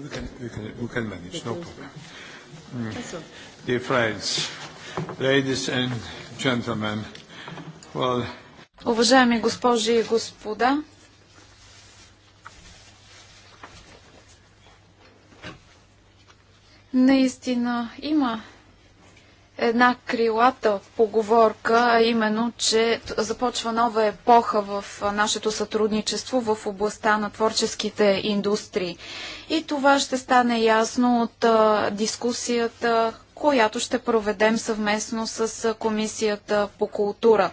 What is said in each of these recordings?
we can, we can, we can manage, no problem. Mm. Dear friends, ladies and gentlemen, well... Уважаеми госпожи и господа, наистина има една крилата поговорка, а именно, че започва нова епоха в нашето сътрудничество в областта на творческите индустрии. И това ще стане ясно от а, дискусията, която ще проведем съвместно с Комисията по култура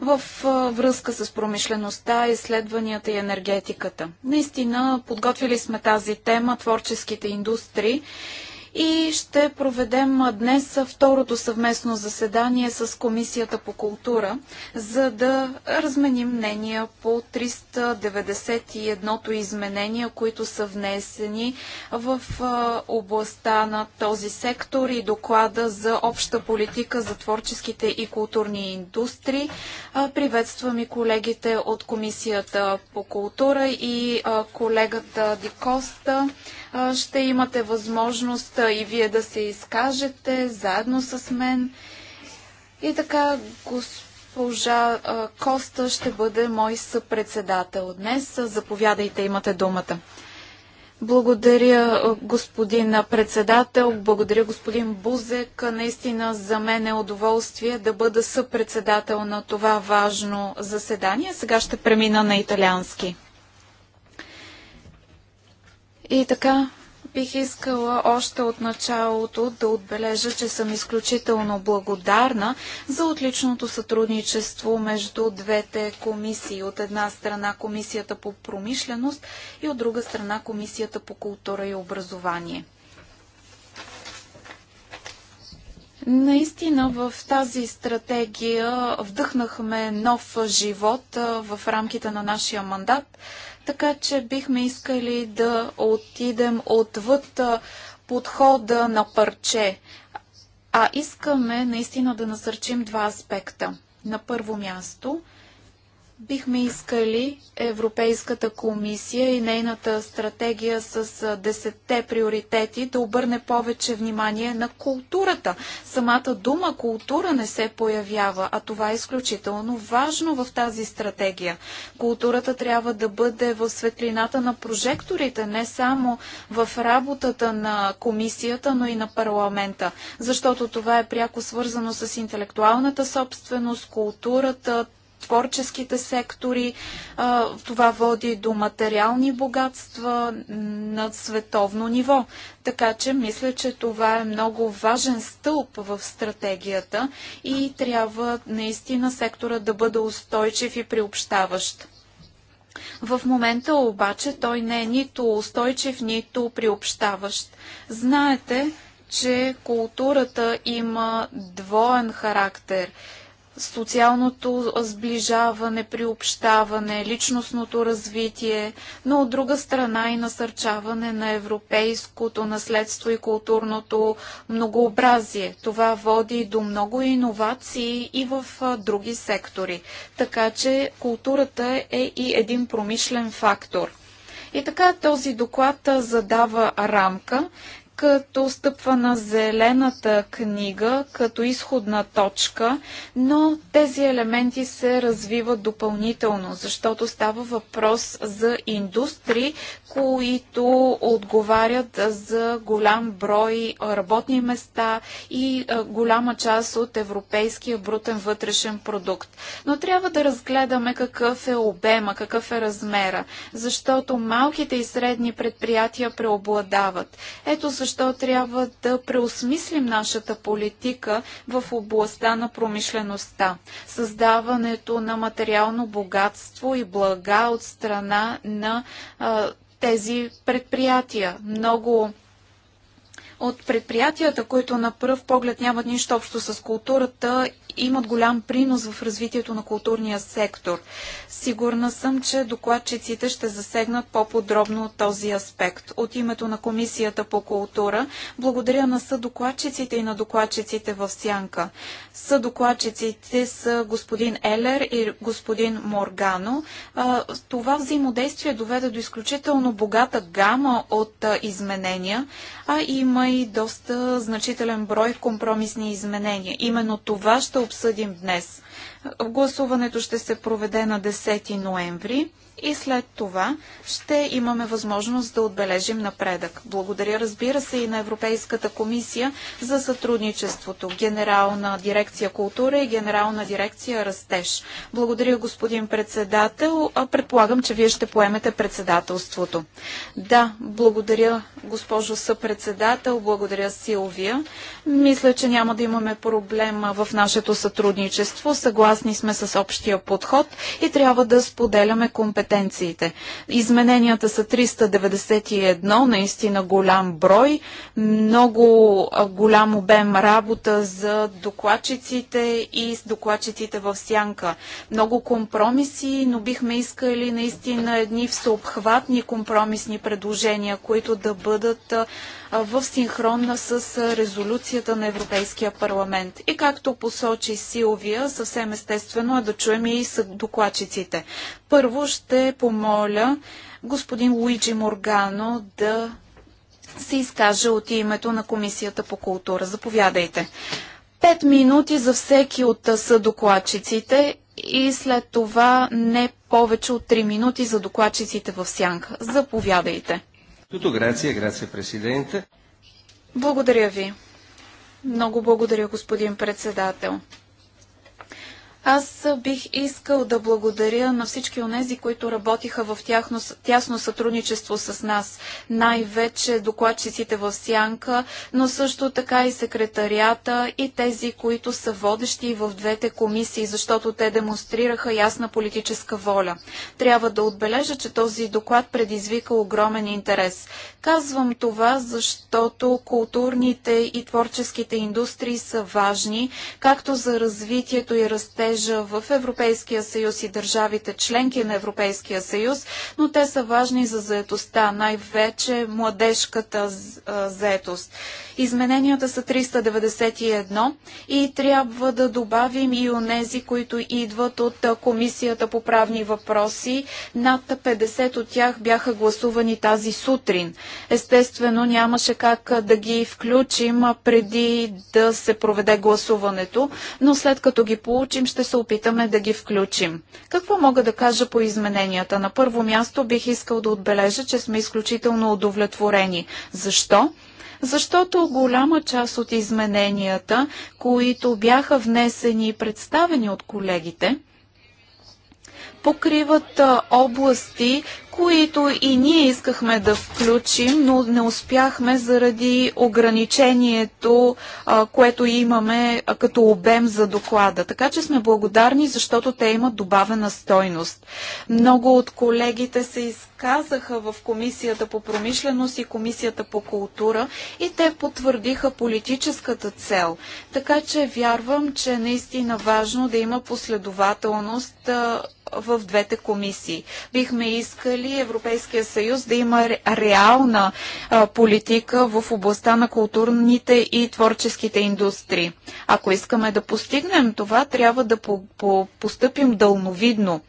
в връзка с промишлеността, изследванията и енергетиката. Наистина, подготвили сме тази тема творческите индустрии и ще проведем днес второто съвместно заседание с Комисията по култура, за да разменим мнения по 391-то изменения, които са внесени в областта на този сектор и доклада за обща политика за творческите и културни индустрии. Приветствам и колегите от Комисията по култура и колегата Дикоста ще имате възможност и вие да се изкажете заедно с мен. И така, госпожа Коста ще бъде мой съпредседател днес. Заповядайте, имате думата. Благодаря, господин председател. Благодаря, господин Бузек. Наистина за мен е удоволствие да бъда съпредседател на това важно заседание. Сега ще премина на италиански. И така, бих искала още от началото да отбележа, че съм изключително благодарна за отличното сътрудничество между двете комисии. От една страна Комисията по промишленост и от друга страна Комисията по култура и образование. Наистина в тази стратегия вдъхнахме нов живот в рамките на нашия мандат, така че бихме искали да отидем отвъд подхода на парче, а искаме наистина да насърчим два аспекта. На първо място – Бихме искали Европейската комисия и нейната стратегия с десетте приоритети да обърне повече внимание на културата. Самата дума култура не се появява, а това е изключително важно в тази стратегия. Културата трябва да бъде в светлината на прожекторите, не само в работата на комисията, но и на парламента, защото това е пряко свързано с интелектуалната собственост, културата, творческите сектори. Това води до материални богатства на световно ниво. Така че мисля, че това е много важен стълб в стратегията и трябва наистина сектора да бъде устойчив и приобщаващ. В момента обаче той не е нито устойчив, нито приобщаващ. Знаете, че културата има двоен характер – социалното сближаване, приобщаване, личностното развитие, но от друга страна и насърчаване на европейското наследство и културното многообразие. Това води до много иновации и в други сектори. Така че културата е и един промишлен фактор. И така този доклад задава рамка като стъпва на зелената книга като изходна точка, но тези елементи се развиват допълнително, защото става въпрос за индустрии, които отговарят за голям брой работни места и голяма част от европейския брутен вътрешен продукт. Но трябва да разгледаме какъв е обема, какъв е размера, защото малките и средни предприятия преобладават. Ето защо защо трябва да преосмислим нашата политика в областта на промишлеността. Създаването на материално богатство и блага от страна на а, тези предприятия. Много от предприятията, които на пръв поглед нямат нищо общо с културата, имат голям принос в развитието на културния сектор. Сигурна съм, че докладчиците ще засегнат по-подробно този аспект. От името на Комисията по култура благодаря на съдокладчиците и на докладчиците в Сянка. Съдокладчиците са господин Елер и господин Моргано. Това взаимодействие доведе до изключително богата гама от изменения, а има има и доста значителен брой компромисни изменения. Именно това ще обсъдим днес. Гласуването ще се проведе на 10 ноември и след това ще имаме възможност да отбележим напредък. Благодаря, разбира се, и на Европейската комисия за сътрудничеството. Генерална дирекция култура и Генерална дирекция растеж. Благодаря, господин председател. Предполагам, че вие ще поемете председателството. Да, благодаря, госпожо съпредседател. Благодаря, Силвия. Мисля, че няма да имаме проблема в нашето сътрудничество. Съгласни сме с общия подход и трябва да споделяме компетенцията компетенциите. Измененията са 391, наистина голям брой, много голям обем работа за докладчиците и с докладчиците в сянка. Много компромиси, но бихме искали наистина едни всеобхватни компромисни предложения, които да бъдат в синхронна с резолюцията на Европейския парламент. И както посочи Силвия, съвсем естествено е да чуем и докладчиците. Първо ще помоля господин Луиджи Моргано да се изкаже от името на Комисията по култура. Заповядайте. Пет минути за всеки от съдокладчиците и след това не повече от три минути за докладчиците в сянка. Заповядайте. Благодаря ви. Много благодаря, господин председател. Аз бих искал да благодаря на всички онези, които работиха в тяхно, тясно сътрудничество с нас, най-вече докладчиците в Сянка, но също така и секретарията и тези, които са водещи в двете комисии, защото те демонстрираха ясна политическа воля. Трябва да отбележа, че този доклад предизвика огромен интерес. Казвам това, защото културните и творческите индустрии са важни, както за развитието и растението растежа в Европейския съюз и държавите членки на Европейския съюз, но те са важни за заетостта, най-вече младежката заетост. Измененията са 391 и трябва да добавим и онези, които идват от Комисията по правни въпроси. Над 50 от тях бяха гласувани тази сутрин. Естествено, нямаше как да ги включим преди да се проведе гласуването, но след като ги получим, ще ще се опитаме да ги включим. Какво мога да кажа по измененията? На първо място бих искал да отбележа, че сме изключително удовлетворени. Защо? защото голяма част от измененията, които бяха внесени и представени от колегите, покриват области, които и ние искахме да включим, но не успяхме заради ограничението, което имаме като обем за доклада. Така че сме благодарни, защото те имат добавена стойност. Много от колегите се изказаха в Комисията по промишленост и Комисията по култура и те потвърдиха политическата цел. Така че вярвам, че е наистина важно да има последователност в двете комисии. Бихме искали Европейския съюз да има реална а, политика в областта на културните и творческите индустрии. Ако искаме да постигнем това, трябва да по, по, постъпим дълновидно.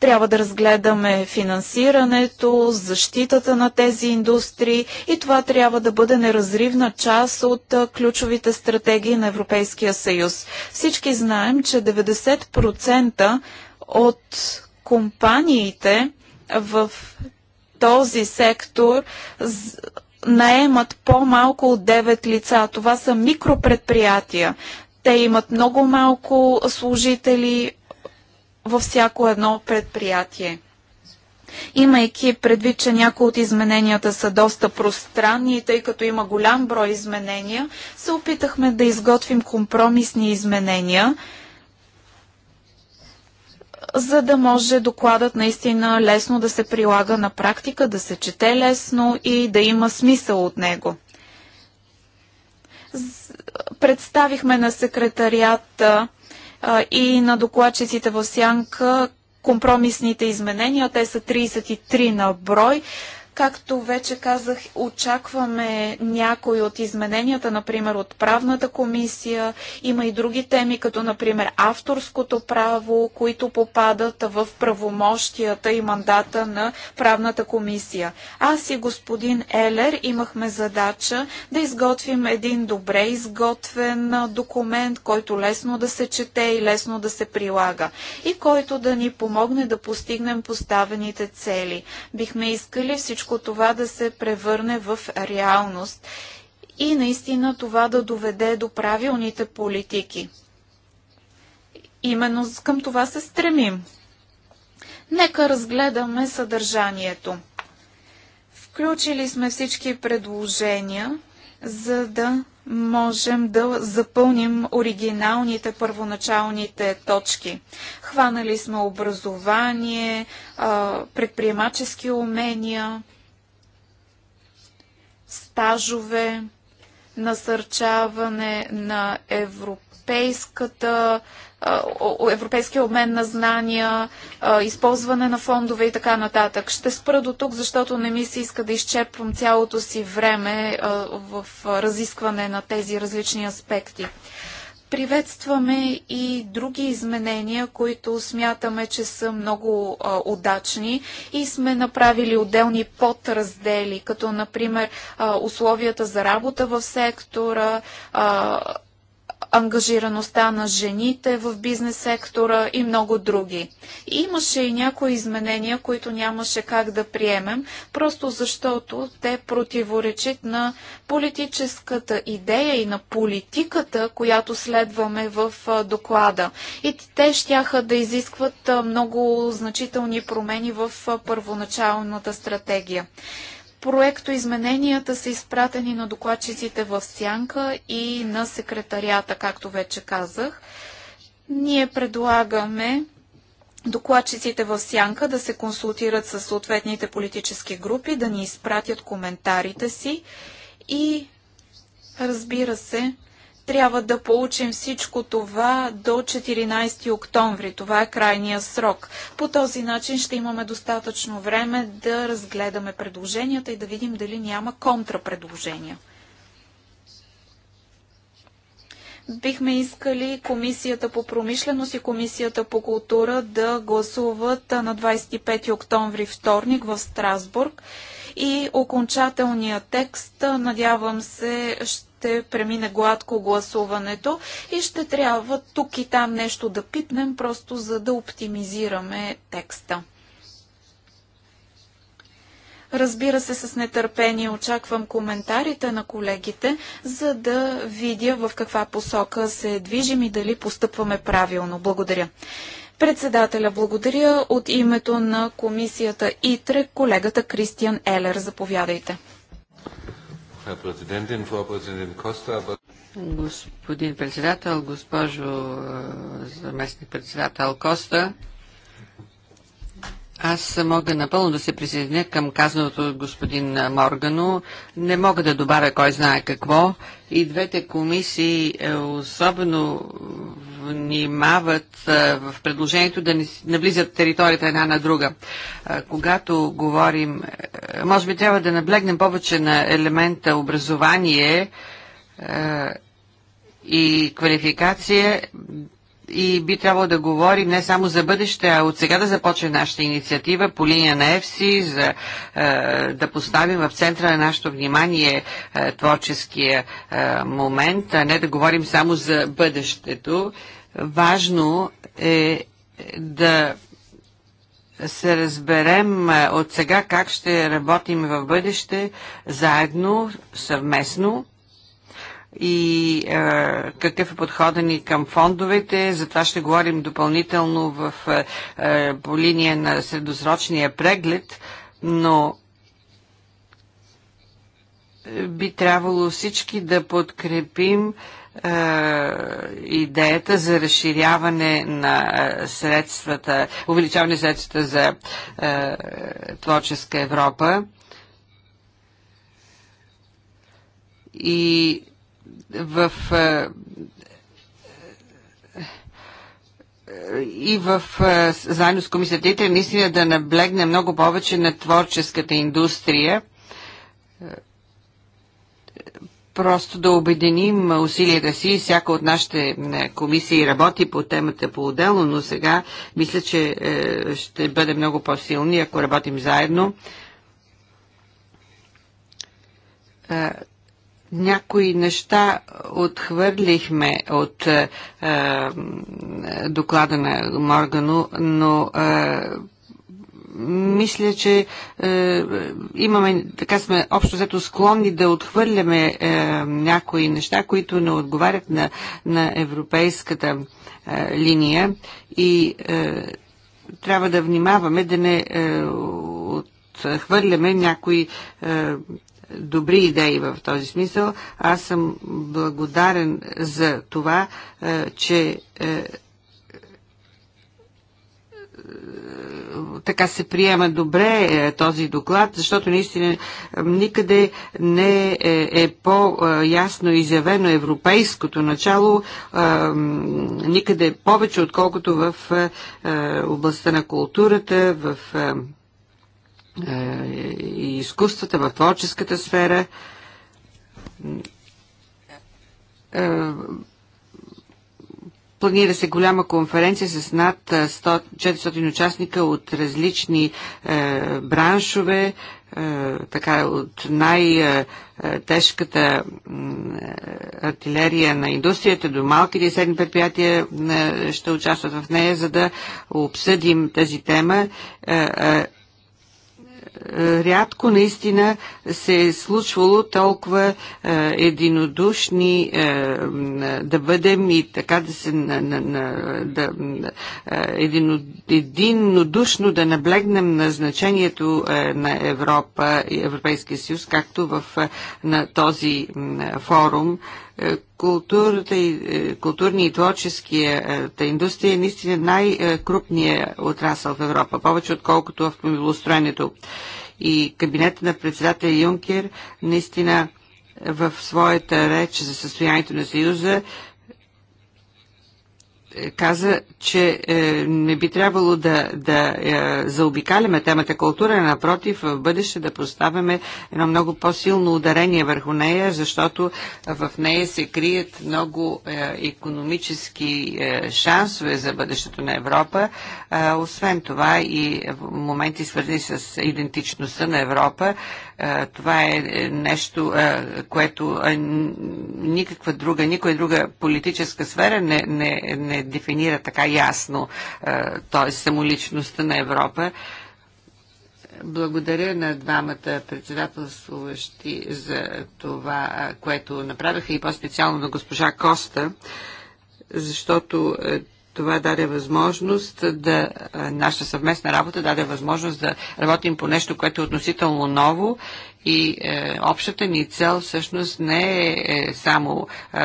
Трябва да разгледаме финансирането, защитата на тези индустрии и това трябва да бъде неразривна част от ключовите стратегии на Европейския съюз. Всички знаем, че 90% от компаниите в този сектор наемат по-малко от 9 лица. Това са микропредприятия. Те имат много малко служители, във всяко едно предприятие. Имайки предвид, че някои от измененията са доста пространни и тъй като има голям брой изменения, се опитахме да изготвим компромисни изменения, за да може докладът наистина лесно да се прилага на практика, да се чете лесно и да има смисъл от него. Представихме на секретарията и на докладчиците в Сянка компромисните изменения. Те са 33 на брой. Както вече казах, очакваме някои от измененията, например от правната комисия. Има и други теми, като например авторското право, които попадат в правомощията и мандата на правната комисия. Аз и господин Елер имахме задача да изготвим един добре изготвен документ, който лесно да се чете и лесно да се прилага и който да ни помогне да постигнем поставените цели. Бихме искали всичко всичко това да се превърне в реалност и наистина това да доведе до правилните политики. Именно към това се стремим. Нека разгледаме съдържанието. Включили сме всички предложения, за да можем да запълним оригиналните първоначалните точки. Хванали сме образование, предприемачески умения, стажове, насърчаване на европейската европейския обмен на знания, използване на фондове и така нататък. Ще спра до тук, защото не ми се иска да изчерпвам цялото си време в разискване на тези различни аспекти. Приветстваме и други изменения, които смятаме, че са много а, удачни и сме направили отделни подраздели, като например а, условията за работа в сектора, а, ангажираността на жените в бизнес сектора и много други. И имаше и някои изменения, които нямаше как да приемем, просто защото те противоречат на политическата идея и на политиката, която следваме в доклада. И те щяха да изискват много значителни промени в първоначалната стратегия. Проекто измененията са изпратени на докладчиците в Сянка и на секретарията, както вече казах. Ние предлагаме докладчиците в Сянка да се консултират с съответните политически групи, да ни изпратят коментарите си и разбира се, трябва да получим всичко това до 14 октомври. Това е крайния срок. По този начин ще имаме достатъчно време да разгледаме предложенията и да видим дали няма контрапредложения. Бихме искали Комисията по промишленост и Комисията по култура да гласуват на 25 октомври вторник в Страсбург и окончателният текст, надявам се, ще премине гладко гласуването и ще трябва тук и там нещо да пипнем, просто за да оптимизираме текста. Разбира се, с нетърпение очаквам коментарите на колегите, за да видя в каква посока се движим и дали постъпваме правилно. Благодаря. Председателя благодаря от името на комисията ИТРЕ, колегата Кристиан Елер. Заповядайте. Господин председател, госпожо е, заместник председател Коста, аз мога напълно да се присъединя към казаното от господин Моргано. Не мога да добавя кой знае какво. И двете комисии е, особено внимават е, в предложението да не наблизат територията една на друга. Е, когато говорим, може би трябва да наблегнем повече на елемента образование и квалификация, и би трябвало да говори не само за бъдеще, а от сега да започне нашата инициатива по линия на ЕФСИ, за е, да поставим в центъра на нашето внимание е, творческия е, момент, а не да говорим само за бъдещето. Важно е, е да се разберем е, от сега как ще работим в бъдеще заедно, съвместно и а, е, какъв е подходът ни към фондовете. За това ще говорим допълнително в, а, е, е, по линия на средосрочния преглед, но би трябвало всички да подкрепим а, идеята за разширяване на средствата, увеличаване средствата за а, творческа Европа. И в е, и в е, заедно с комисията ИТР наистина да наблегне много повече на творческата индустрия. Просто да обединим усилията си. Всяка от нашите е, комисии работи по темата по-отделно, но сега мисля, че ще бъде много по-силни, ако работим заедно някои неща отхвърлихме от е, е доклада на Моргано, но е, мисля, че е, имаме, така сме общо взето склонни да отхвърляме е, някои неща, които не отговарят на, на европейската е, линия и е, трябва да внимаваме да не е, отхвърляме някои е, добри идеи в този смисъл. Аз съм благодарен за това, е, че е, е, така се приема добре този доклад, защото наистина никъде не е, по-ясно изявено европейското начало, никъде повече, отколкото в областта на културата, в е, и изкуствата, в творческата сфера. Е, планира се голяма конференция с над 100, е, 400 участника от различни е, браншове, е, така от най-тежката артилерия на индустрията до малките и средни предприятия е, ще участват в нея, за да обсъдим тази тема. Е, е, рядко наистина се е случвало толкова е, единодушни е, да бъдем и така да се на, на, на, да, е, едино, единодушно да наблегнем на значението на Европа и Европейския съюз, както в на този форум е, културата и, е, културни и творческията е, индустрия е наистина най-крупният отрасъл в Европа, повече отколкото автомобилостроенето. И кабинета на председателя Юнкер наистина в своята реч за състоянието на Съюза каза, че е, не би трябвало да, да е, заобикаляме темата култура, напротив, в бъдеще да поставяме едно много по-силно ударение върху нея, защото в нея се крият много економически е, шансове за бъдещето на Европа. освен това и в моменти свързани с идентичността на Европа, това е нещо, което никаква друга, никоя друга политическа сфера не, не, не дефинира така ясно, е, т.е. самоличността на Европа. Благодаря на двамата председателствуващи за това, е, което направиха и по-специално на госпожа Коста, защото е, това даде възможност да, нашата съвместна работа даде възможност да работим по нещо, което е относително ново и е, общата ни цел всъщност не е, е само е,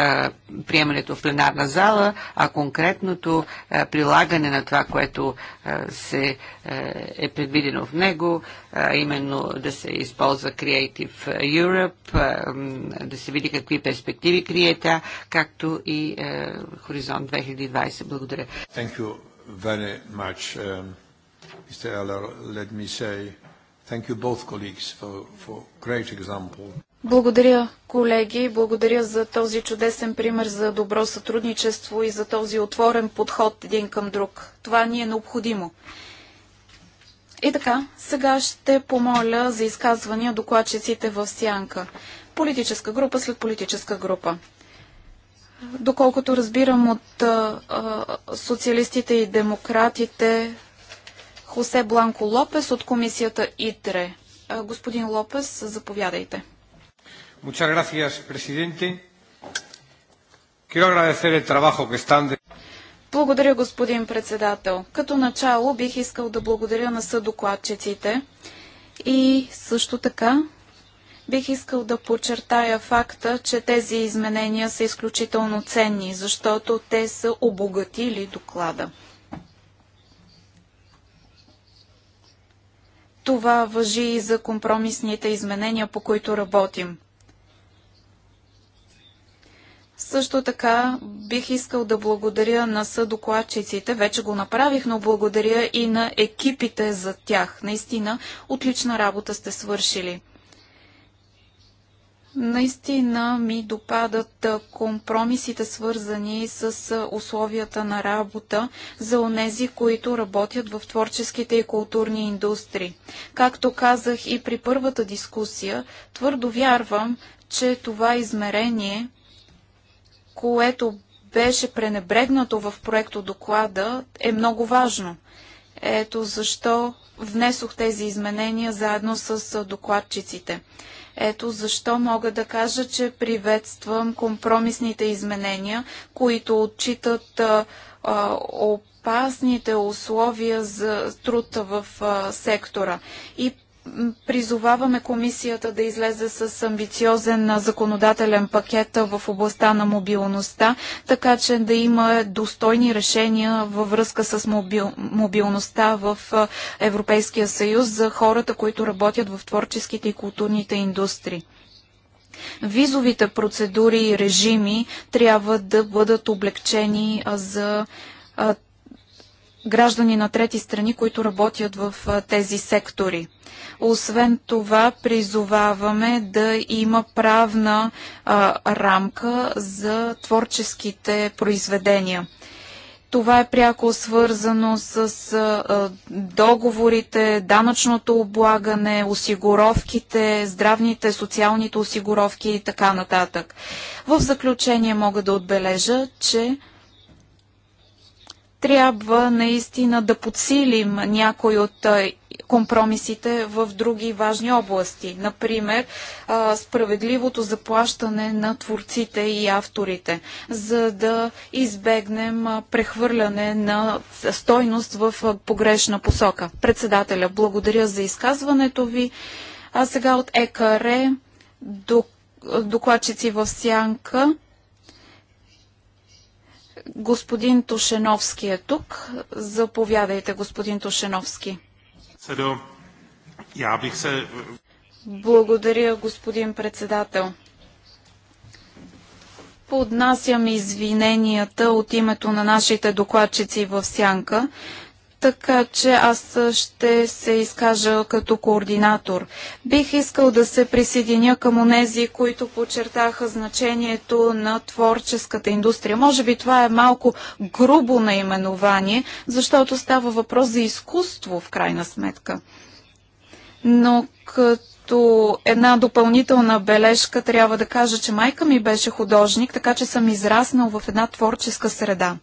приемането в пленарна зала, а конкретното е, прилагане на това, което е, се е, е предвидено в него, е, именно да се използва Creative Europe, е, да се види какви перспективи крие тя, както и е, Хоризонт 2020. Благодаря. Thank you very much, um, Mr. Eller. Let me say Thank you both colleagues for, for great example. Благодаря, колеги. Благодаря за този чудесен пример за добро сътрудничество и за този отворен подход един към друг. Това ни е необходимо. И така, сега ще помоля за изказвания докладчиците в сянка. Политическа група след политическа група. Доколкото разбирам от а, социалистите и демократите, Хосе Бланко Лопес от комисията ИТРЕ. Господин Лопес, заповядайте. Muchas gracias, presidente. Quiero agradecer el trabajo que están de... Благодаря, господин председател. Като начало бих искал да благодаря на съдокладчиците и също така бих искал да подчертая факта, че тези изменения са изключително ценни, защото те са обогатили доклада. Това въжи и за компромисните изменения, по които работим. Също така бих искал да благодаря на съдокладчиците, вече го направих, но благодаря и на екипите за тях. Наистина, отлична работа сте свършили. Наистина ми допадат компромисите, свързани с условията на работа за онези, които работят в творческите и културни индустрии. Както казах и при първата дискусия, твърдо вярвам, че това измерение, което беше пренебрегнато в проекто доклада, е много важно. Ето защо внесох тези изменения заедно с докладчиците. Ето защо мога да кажа, че приветствам компромисните изменения, които отчитат опасните условия за труд в сектора. И призоваваме комисията да излезе с амбициозен законодателен пакет в областта на мобилността, така че да има достойни решения във връзка с мобил, мобилността в Европейския съюз за хората, които работят в творческите и културните индустрии. Визовите процедури и режими трябва да бъдат облегчени за граждани на трети страни, които работят в тези сектори. Освен това, призоваваме да има правна а, рамка за творческите произведения. Това е пряко свързано с а, договорите, данъчното облагане, осигуровките, здравните, социалните осигуровки и така нататък. В заключение мога да отбележа, че трябва наистина да подсилим някой от компромисите в други важни области. Например, справедливото заплащане на творците и авторите, за да избегнем прехвърляне на стойност в погрешна посока. Председателя, благодаря за изказването ви. А сега от ЕКР докладчици в сянка. Господин Тушеновски е тук. Заповядайте, господин Тушеновски. Седо, я бих се... Благодаря, господин председател. Поднасям извиненията от името на нашите докладчици в Сянка така че аз ще се изкажа като координатор. Бих искал да се присъединя към онези, които подчертаха значението на творческата индустрия. Може би това е малко грубо наименование, защото става въпрос за изкуство в крайна сметка. Но като като една допълнителна бележка трябва да кажа, че майка ми беше художник, така че съм израснал в една творческа среда.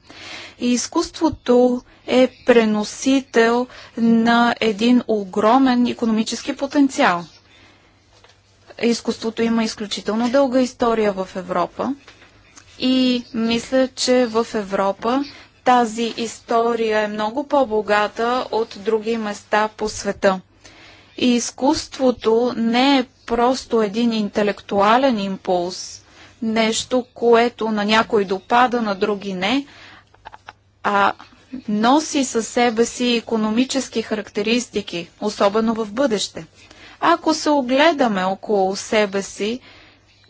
И изкуството е преносител на един огромен економически потенциал. Изкуството има изключително дълга история в Европа и мисля, че в Европа тази история е много по-богата от други места по света. И изкуството не е просто един интелектуален импулс, нещо, което на някой допада, на други не, а носи със себе си економически характеристики, особено в бъдеще. Ако се огледаме около себе си,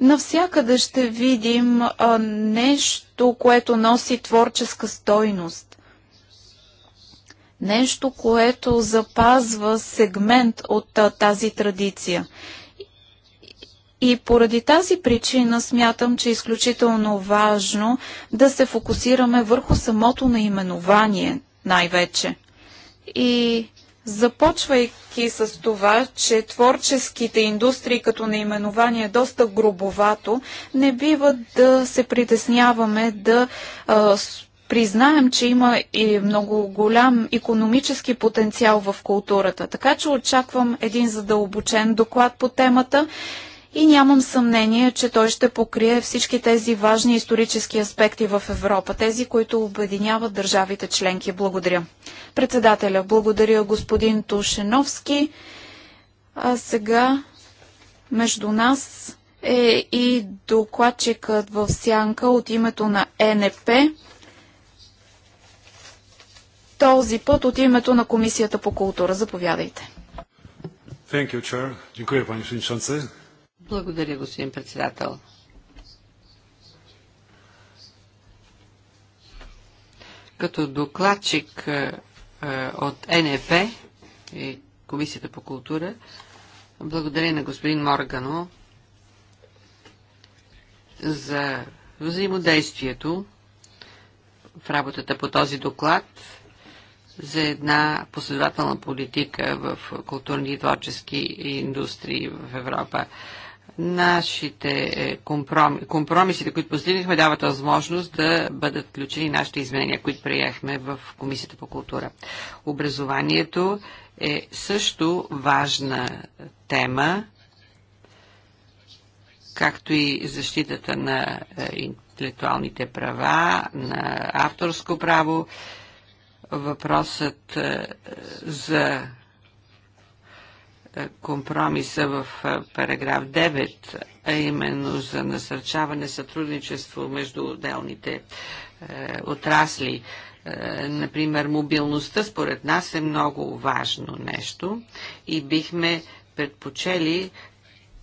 навсякъде ще видим а, нещо, което носи творческа стойност. Нещо, което запазва сегмент от тази традиция. И поради тази причина смятам, че е изключително важно да се фокусираме върху самото наименование най-вече. И започвайки с това, че творческите индустрии като наименование е доста грубовато, не бива да се притесняваме да а, признаем, че има и много голям економически потенциал в културата. Така че очаквам един задълбочен доклад по темата и нямам съмнение, че той ще покрие всички тези важни исторически аспекти в Европа, тези, които обединяват държавите членки. Благодаря. Председателя, благодаря господин Тушеновски. А сега между нас е и докладчикът в сянка от името на НП този път от името на Комисията по култура. Заповядайте. Благодаря, господин председател. Като докладчик е, е, от НЕП и Комисията по култура, благодаря на господин Моргано за взаимодействието в работата по този доклад за една последователна политика в културни и творчески индустрии в Европа. Нашите е, компроми, компромисите, които постигнахме, дават възможност да бъдат включени нашите изменения, които приехме в Комисията по култура. Образованието е също важна тема, както и защитата на е, интелектуалните права, на авторско право въпросът е, за е, компромиса в е, параграф 9, а именно за насърчаване сътрудничество между отделните отрасли. например, мобилността според нас е много важно нещо и бихме предпочели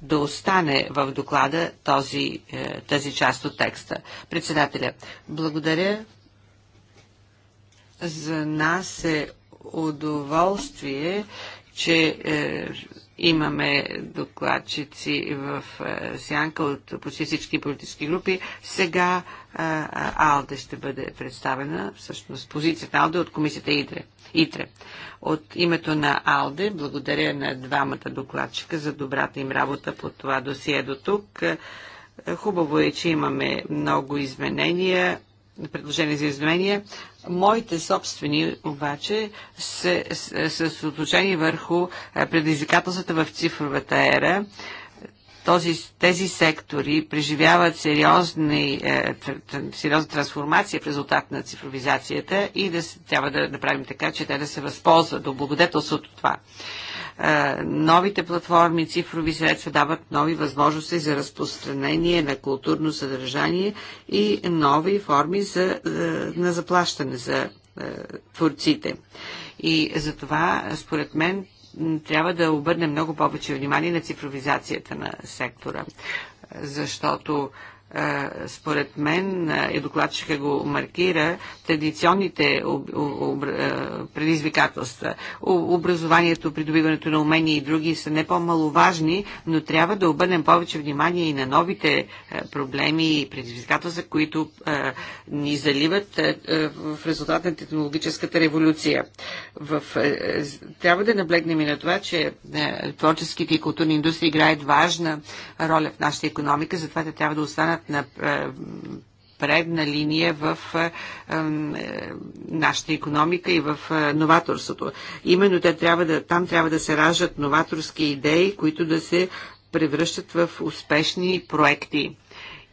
да остане в доклада този, тази част от текста. Председателя, благодаря. За нас е удоволствие, че е, имаме докладчици в е, сянка от почти всички политически групи. Сега е, АЛДЕ ще бъде представена, всъщност позицията АЛДЕ от комисията ИДРЕ. ИТРЕ. От името на АЛДЕ благодаря на двамата докладчика за добрата им работа по това досие до тук. Хубаво е, че имаме много изменения, предложения за изменения. Моите собствени обаче се съсредоточени върху е, предизвикателствата в цифровата ера. Този, тези сектори преживяват сериозни, е, сериозна трансформация в резултат на цифровизацията и да, трябва да направим така, че те да се възползват, да облагодетелстват от това новите платформи и цифрови средства дават нови възможности за разпространение на културно съдържание и нови форми за, е, на заплащане за е, творците. И за това, според мен, трябва да обърнем много повече внимание на цифровизацията на сектора, защото е, според мен, и докладчика го маркира, традиционните предизвикателства. Образованието, придобиването на умения и други са не по-маловажни, но трябва да обърнем повече внимание и на новите е, проблеми и предизвикателства, които е, ни заливат е, в резултат на технологическата революция. В... Трябва да наблегнем и на това, че творческите и културни индустрии играят важна роля в нашата економика, затова те трябва да останат на предна линия в е, нашата економика и в новаторството. Именно те трябва да, там трябва да се раждат новаторски идеи, които да се превръщат в успешни проекти.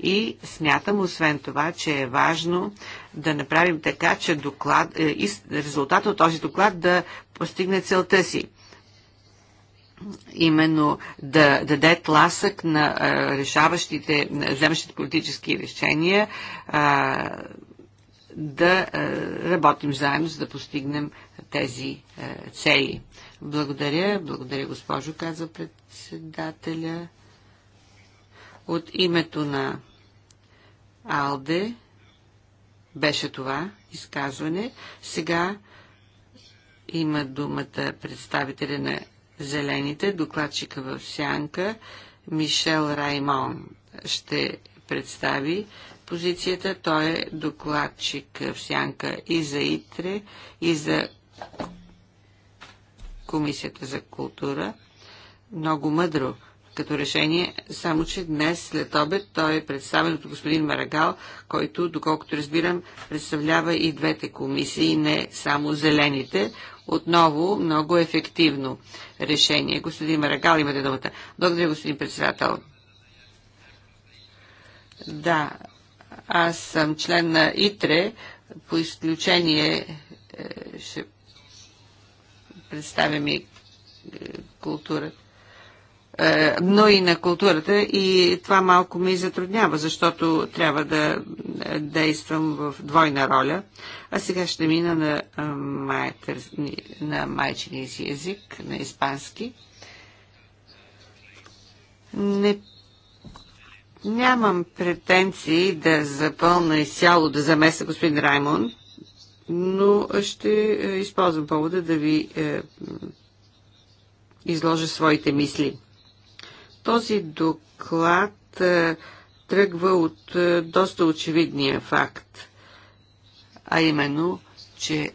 И смятам, освен това, че е важно да направим така, че доклад, е, от този доклад да постигне целта си именно да даде тласък на решаващите, на вземащите политически решения, да работим заедно, за да постигнем тези цели. Благодаря, благодаря госпожо, казва председателя. От името на Алде беше това изказване. Сега има думата представителя на зелените, докладчика в Сянка, Мишел Раймон ще представи позицията. Той е докладчик в Сянка и за ИТРЕ, и за Комисията за култура. Много мъдро като решение, само че днес след обед той е представен от господин Марагал, който, доколкото разбирам, представлява и двете комисии, не само зелените отново много ефективно решение. Господин Марагал, имате думата. Благодаря, господин председател. Да, аз съм член на ИТРЕ. По изключение е, ще представя ми е, културата. Е, но и на културата и това малко ми затруднява, защото трябва да е, действам в двойна роля. А сега ще мина на, е, майтер, на майчиния си език, на испански. Не Нямам претенции да запълна изцяло, да замеса господин Раймон, но ще използвам повода да ви е, изложа своите мисли. Този доклад е, тръгва от е, доста очевидния факт, а именно, че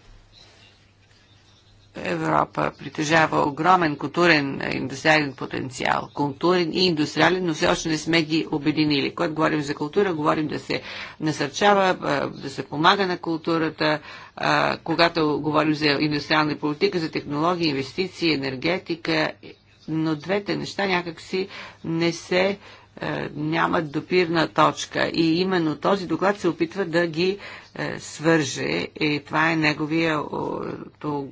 Европа притежава огромен културен е, индустриален потенциал, културен и индустриален, но все още не сме ги обединили. Когато говорим за култура, говорим да се насърчава, да се помага на културата. Когато говорим за индустриална политика, за технологии, инвестиции, енергетика, но двете неща някакси не се е, нямат допирна точка. И именно този доклад се опитва да ги е, свърже и това е неговия то,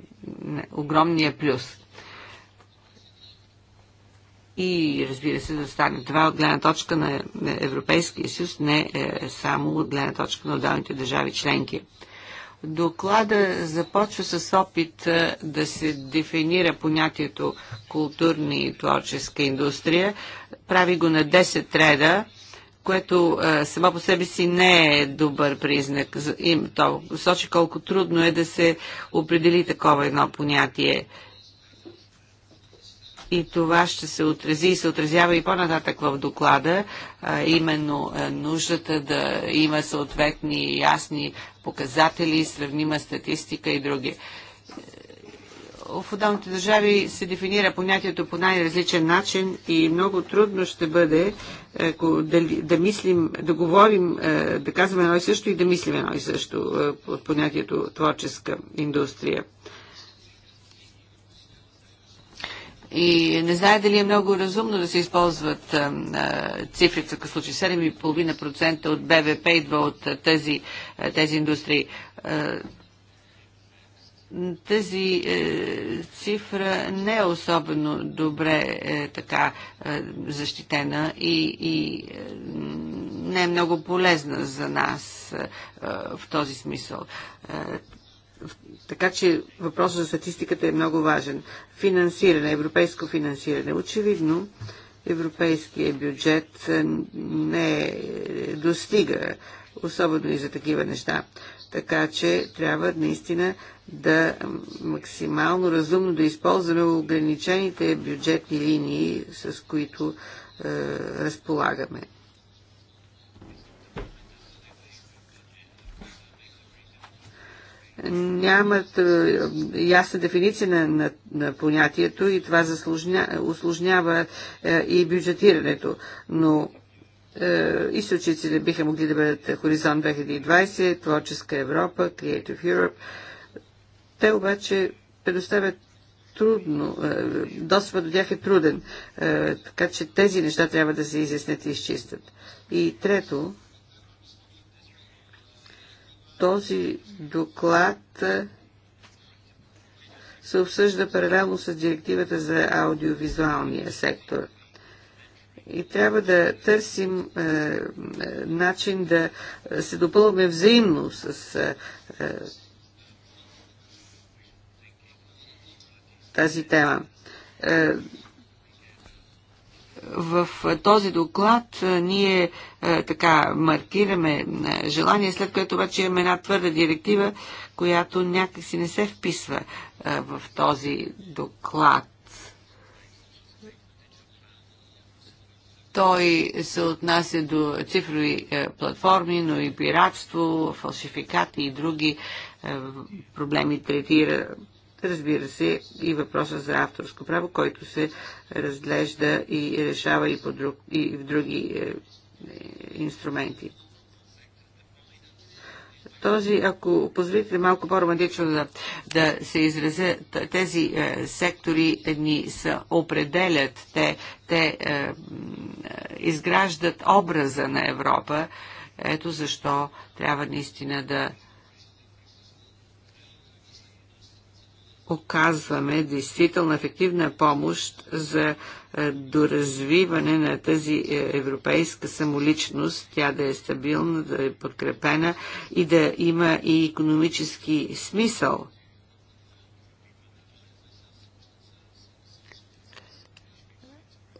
огромния плюс. И разбира се, да стане това от гледна точка на Европейския съюз, не е само от гледна точка на отделните държави членки. Доклада започва с опит е, да се дефинира понятието културна и творческа индустрия. Прави го на 10 реда, което е, само по себе си не е добър признак. то сочи колко трудно е да се определи такова едно понятие и това ще се отрази и се отразява и по-нататък в доклада, именно нуждата да има съответни ясни показатели, сравнима статистика и други. В отделните държави се дефинира понятието по най-различен начин и много трудно ще бъде ако, да, да мислим, да говорим, да казваме едно и също и да мислим едно и също от понятието творческа индустрия. И не знае дали е много разумно да се използват цифри, в такъв случай 7,5% от БВП идва от тези, тези индустрии. тази е, цифра не е особено добре е, така е, защитена и, и не е много полезна за нас в този смисъл. Така че въпросът за статистиката е много важен. Финансиране, европейско финансиране. Очевидно, европейския бюджет не достига, особено и за такива неща. Така че трябва наистина да максимално разумно да използваме ограничените бюджетни линии, с които е, разполагаме. нямат е, ясна дефиниция на, на, на понятието и това заслужня, усложнява е, и бюджетирането. Но е, не биха могли да бъдат Хоризонт 2020, Творческа Европа, Creative Europe. Те обаче предоставят трудно, е, достъпът до тях е труден, така че тези неща трябва да се изяснят и изчистят. И трето, този доклад се обсъжда паралелно с директивата за аудиовизуалния сектор. И трябва да търсим е, начин да се допълваме взаимно с е, тази тема. Е, в този доклад ние е, така маркираме е, желание, след което обаче имаме една твърда директива, която някакси не се вписва е, в този доклад. Той се отнася до цифрови платформи, но и пиратство, фалшификати и други проблеми третира. Разбира се и въпроса за авторско право, който се разглежда и решава и, по друг, и в други инструменти. Този, ако позволите малко по-романтично да, да се изразя, тези е, сектори ни са определят, те, те е, изграждат образа на Европа. Ето защо трябва наистина да оказваме действителна ефективна помощ за е, доразвиване на тази е, европейска самоличност, тя да е стабилна, да е подкрепена и да има и економически смисъл.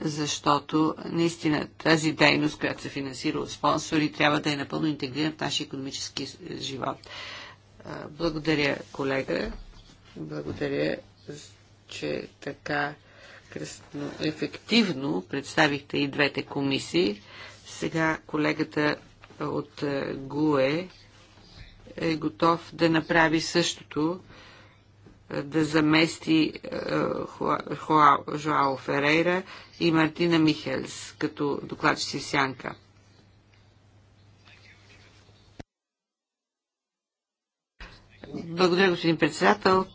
Защото наистина тази дейност, която се финансира от спонсори, трябва да е напълно интегрирана в нашия економически живот. Е, благодаря, колега. Благодаря, че така кръстно, ефективно представихте и двете комисии. Сега колегата от е, ГУЕ е готов да направи същото, е, да замести е, Жоао Ферейра и Мартина Михелс като докладчици сянка. Благодаря, господин председател.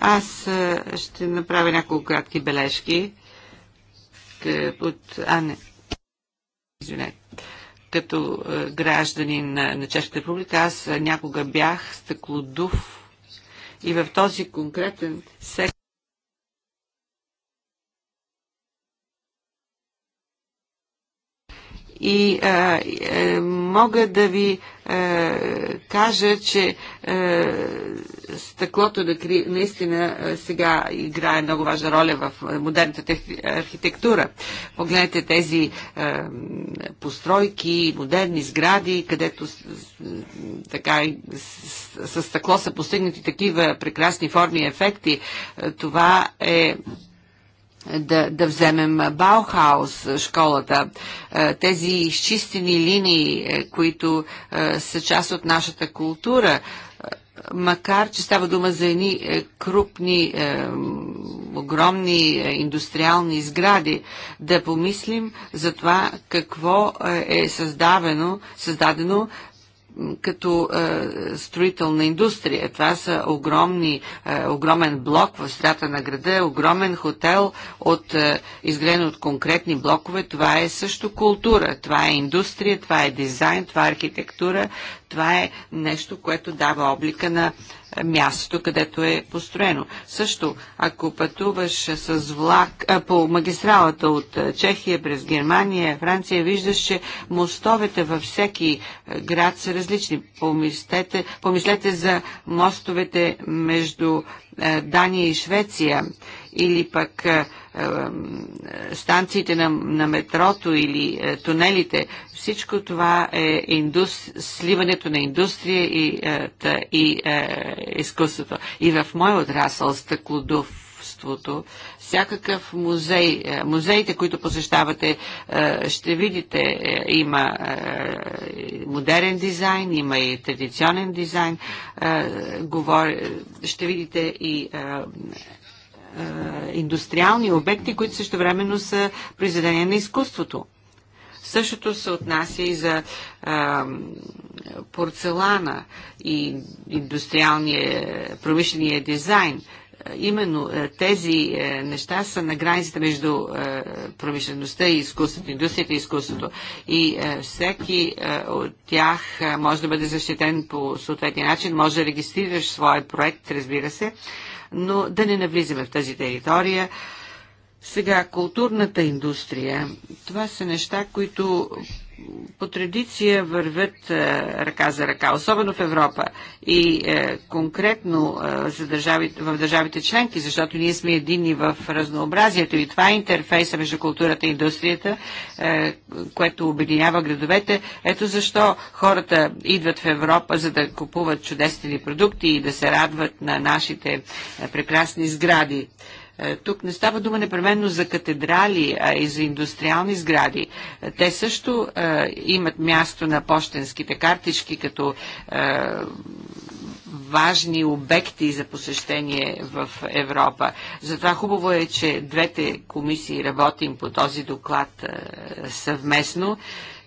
Аз ще направя няколко кратки бележки от... А, не. Извинете като гражданин на, на Чешката република, аз някога бях стъклодув и в този конкретен сектор И а, е, мога да ви е, кажа, че е, стъклото да кри... наистина е, сега играе много важна роля в модерната архитектура. Погледнете тези постройки, модерни сгради, където така с стъкло са постигнати такива прекрасни форми и ефекти. Това е да, да вземем Баухаус, е, школата, е, тези изчистени линии, е, които са част от нашата култура, макар че става дума за едни крупни, огромни индустриални сгради, да помислим за това какво е създавено, създадено като е, строителна индустрия. Това са огромни, е, огромен блок в страта на града, огромен хотел, от, е, изграден от конкретни блокове. Това е също култура, това е индустрия, това е дизайн, това е архитектура, това е нещо, което дава облика на мястото, където е построено. Също, ако пътуваш с влак а, по магистралата от Чехия през Германия, Франция, виждаш, че мостовете във всеки град са различни. Помислете, помислете за мостовете между Дания и Швеция или пък станциите на, на метрото или е, тунелите. Всичко това е индус, сливането на индустрия и, е, и е, изкуството. И в моя отрасъл стъклодов всякакъв музей, е, музеите, които посещавате, ще видите, има модерен дизайн, има и традиционен дизайн, ще видите и индустриални обекти, които също времено са произведения на изкуството. Същото се отнася и за а, порцелана и индустриалния промишления дизайн. Именно тези неща са на границата между промишлеността и изкуството, индустрията и изкуството. И всеки от тях може да бъде защитен по съответния начин, може да регистрираш своя проект, разбира се, но да не навлизаме в тази територия. Сега, културната индустрия. Това са неща, които по традиция вървят е, ръка за ръка, особено в Европа и е, конкретно е, за държавите, в държавите членки, защото ние сме едини в разнообразието и това е интерфейса между културата и индустрията, което обединява градовете. Ето защо хората идват в Европа, за да купуват чудесни продукти и да се радват на нашите прекрасни сгради. Е, тук не става дума непременно за катедрали, а и за индустриални сгради. Е, те също е, имат място на почтенските картички като важни обекти за посещение в Европа. Затова хубаво е, че двете комисии работим по този доклад съвместно.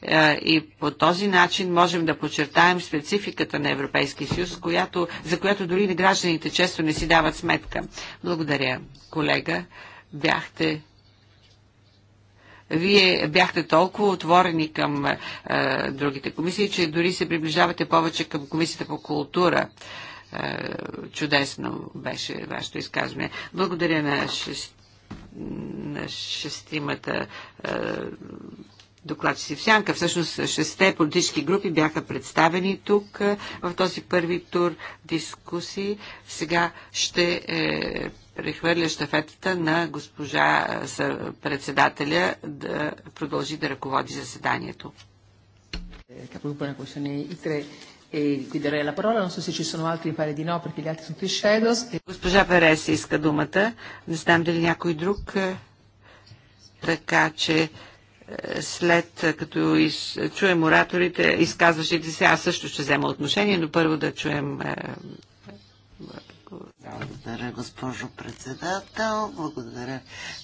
Е, и по този начин можем да подчертаем спецификата на Европейския съюз, която, за която дори и гражданите често не си дават сметка. Благодаря, колега. Бяхте вие бяхте толкова отворени към е, другите комисии, че дори се приближавате повече към комисията по култура. Е, чудесно беше вашето изказване. Благодаря на, шест... на шестимата е, докладчици в сянка. Всъщност шесте политически групи бяха представени тук е, в този първи тур дискусии. Сега ще е, прехвърля щафетата на госпожа е, председателя да продължи да ръководи заседанието. E госпожа Перес иска думата, не знам дали някой друг, е, така че след е, като из, чуем ораторите, изказващите се, аз също ще взема отношение, но първо да чуем. Е, Благодаря, госпожо председател. Благодаря,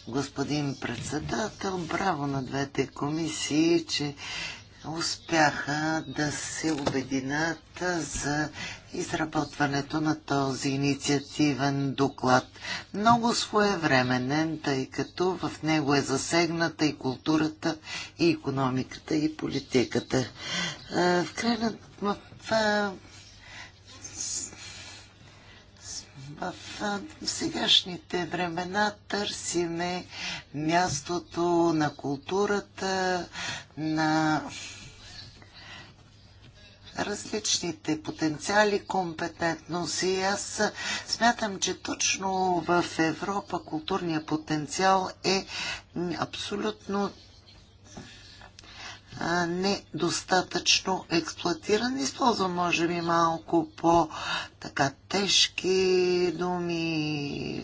господин председател. Браво на двете комисии, че успяха да се обединят за изработването на този инициативен доклад. Много своевременен, тъй като в него е засегната и културата, и економиката, и политиката. Е, в крайна в е, В сегашните времена търсиме мястото на културата, на различните потенциали, компетентност. И аз смятам, че точно в Европа културният потенциал е абсолютно недостатъчно експлуатиран. Използвам, може би, малко по-така тежки думи,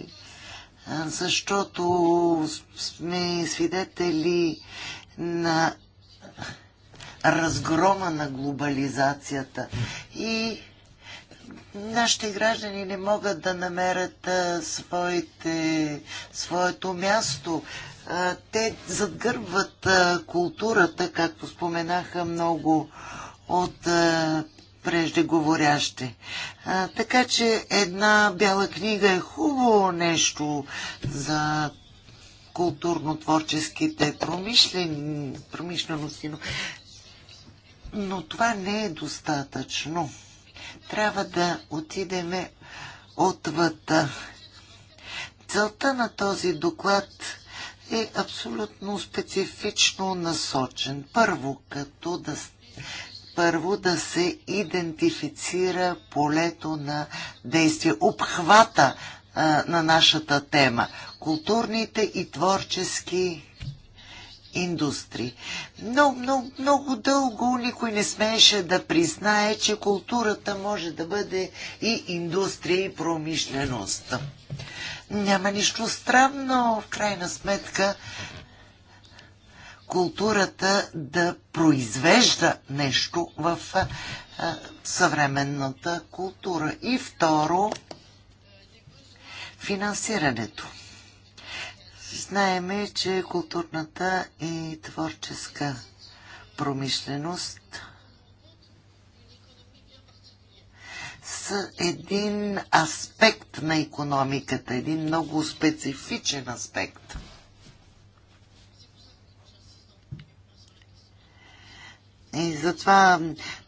защото сме свидетели на разгрома на глобализацията и нашите граждани не могат да намерят своите, своето място те задгърбват културата, както споменаха много от преждеговорящи. така че една бяла книга е хубаво нещо за културно-творческите промишлености, но... но това не е достатъчно. Трябва да отидеме отвъд. Целта на този доклад е абсолютно специфично насочен. Първо, като да първо да се идентифицира полето на действие, обхвата а, на нашата тема. Културните и творчески индустрии. Много, много, много дълго никой не смееше да признае, че културата може да бъде и индустрия и промишленост. Няма нищо странно, в крайна сметка, културата да произвежда нещо в съвременната култура. И второ, финансирането. Знаеме, че културната и творческа промишленост са един аспект на економиката, един много специфичен аспект. И затова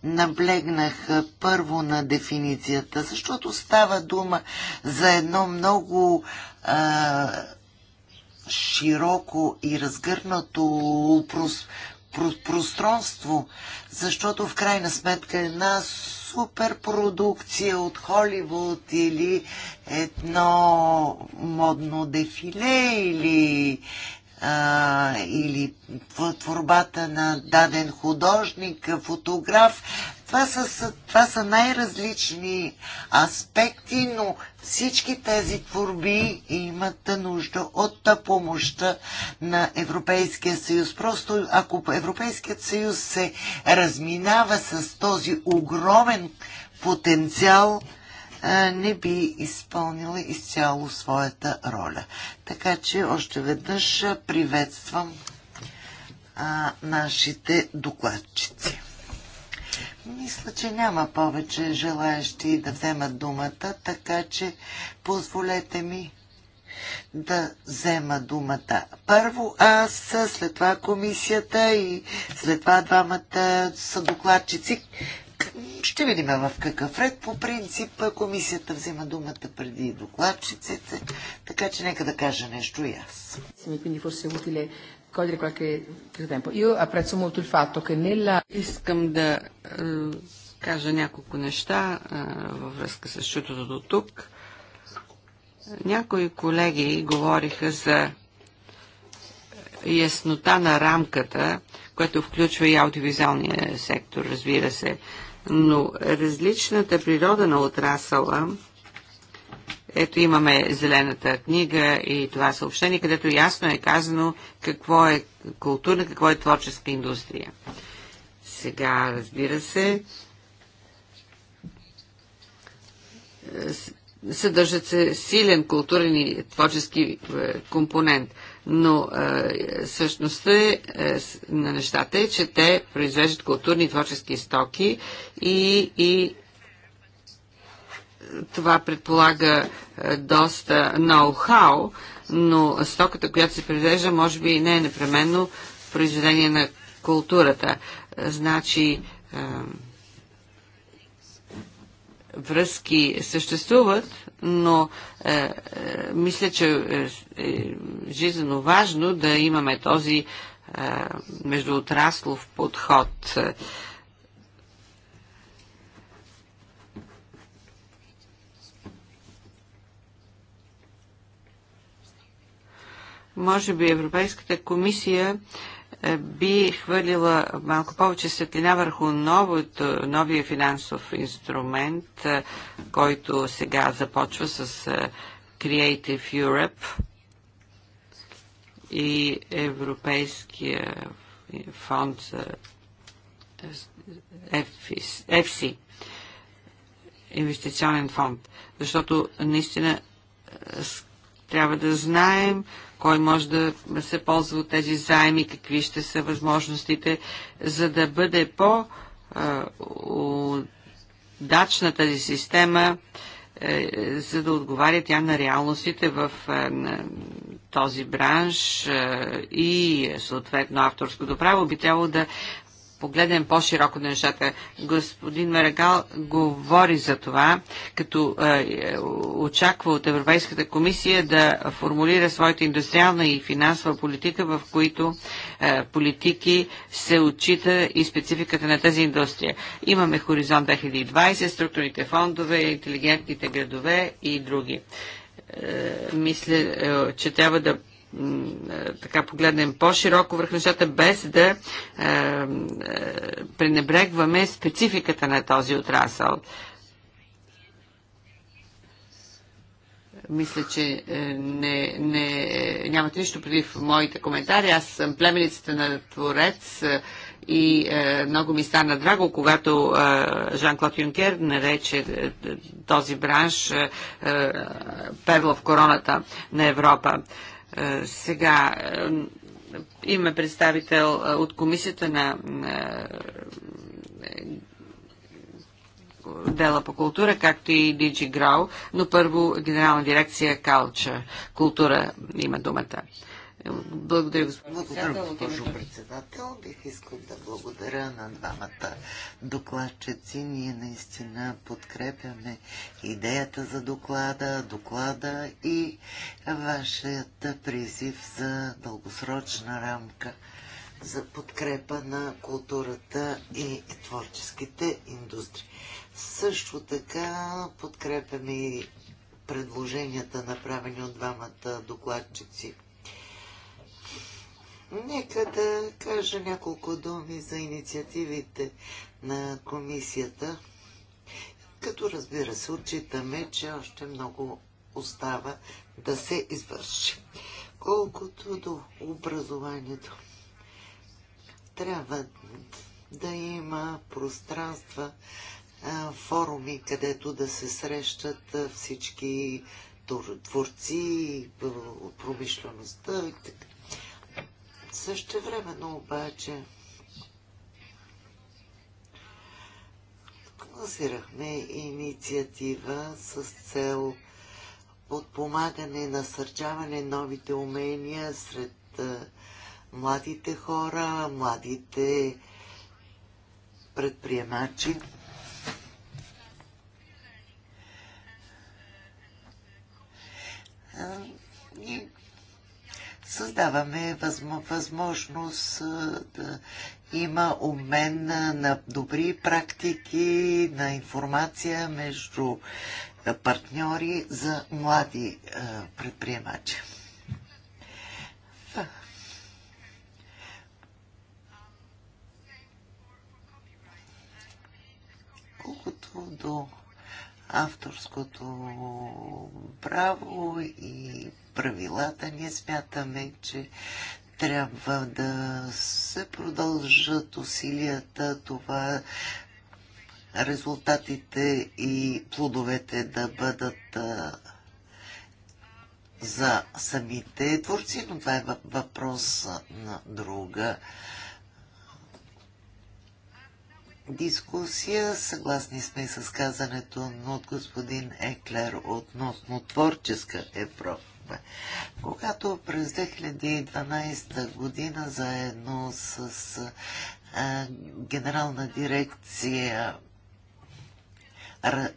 наблегнах първо на дефиницията, защото става дума за едно много а, широко и разгърнато пространство, защото в крайна сметка една суперпродукция от Холивуд или едно модно дефиле или а, или творбата на даден художник, фотограф. Това са, това са най-различни аспекти, но всички тези творби имат нужда от помощта на Европейския съюз. Просто ако Европейският съюз се разминава с този огромен потенциал, не би изпълнила изцяло своята роля. Така че още веднъж приветствам нашите докладчици. Мисля, че няма повече желаящи да вземат думата, така че позволете ми да взема думата. Първо аз, след това комисията и след това двамата са докладчици ще видим в какъв ред. По принцип комисията взема думата преди докладчиците, така че нека да кажа нещо и аз. Искам да е, кажа няколко неща е, във връзка с чутото до тук. Някои колеги говориха за яснота на рамката, което включва и аудиовизуалния сектор, разбира се но различната природа на отрасъла ето имаме зелената книга и това съобщение, където ясно е казано какво е културна, какво е творческа индустрия. Сега, разбира се, съдържат се силен културен и творчески е, компонент но е, същността е, на нещата е, че те произвеждат културни и творчески стоки и, и това предполага е, доста ноу-хау, но стоката, която се произвежда, може би не е непременно произведение на културата. Е, значи, е, връзки съществуват, но е, е, мисля, че е, е жизненно важно да имаме този е, междуотраслов подход. Може би Европейската комисия е, е, би хвърлила малко повече светлина върху новото, новия финансов инструмент, е, който сега започва с е, Creative Europe и Европейския фонд за EFSI, инвестиционен фонд. Защото наистина трябва да знаем кой може да се ползва от тези заеми, какви ще са възможностите, за да бъде по дачна тази система, е, за да отговаря тя на реалностите в е, този бранш е, и съответно авторското право би трябвало да погледнем по-широко на нещата. Господин Марагал говори за това, като е, очаква от Европейската комисия да формулира своята индустриална и финансова политика, в които е, политики се отчита и спецификата на тази индустрия. Имаме Хоризонт 2020, структурните фондове, интелигентните градове и други е, мисля, е, че трябва да е, така погледнем по-широко върху нещата, без да е, е, пренебрегваме спецификата на този отрасъл. мисля, че е, не, не, нямате нищо в моите коментари. Аз съм племеницата на Творец е, и е, много ми стана драго, когато е, Жан-Клод Юнкер нарече е, този бранш е, е, перла в короната на Европа. Е, е, сега е, има представител е, от комисията на дела по култура, както и Диджи Грау, но първо генерална дирекция Калча. Култура има думата. Благодаря, господин Госпожо председател, бих искал да благодаря на двамата докладчици. Ние наистина подкрепяме идеята за доклада, доклада и вашият призив за дългосрочна рамка за подкрепа на културата и творческите индустрии. Също така подкрепяме и предложенията, направени от двамата докладчици Нека да кажа няколко думи за инициативите на комисията, като разбира се, отчитаме, че още много остава да се извърши. Колкото до образованието, трябва да има пространства, форуми, където да се срещат всички творци, промишлеността и така Същевременно обаче лансирахме инициатива с цел подпомагане, насърчаване новите умения сред младите хора, младите предприемачи. И създаваме възможност да има обмен на добри практики, на информация между партньори за млади предприемачи. Колкото до авторското право и правилата. Ние смятаме, че трябва да се продължат усилията това резултатите и плодовете да бъдат а, за самите творци, но това е въпрос на друга дискусия. Съгласни сме с казането от господин Еклер относно творческа Европа очаква. Когато през 2012 година заедно с а, генерална дирекция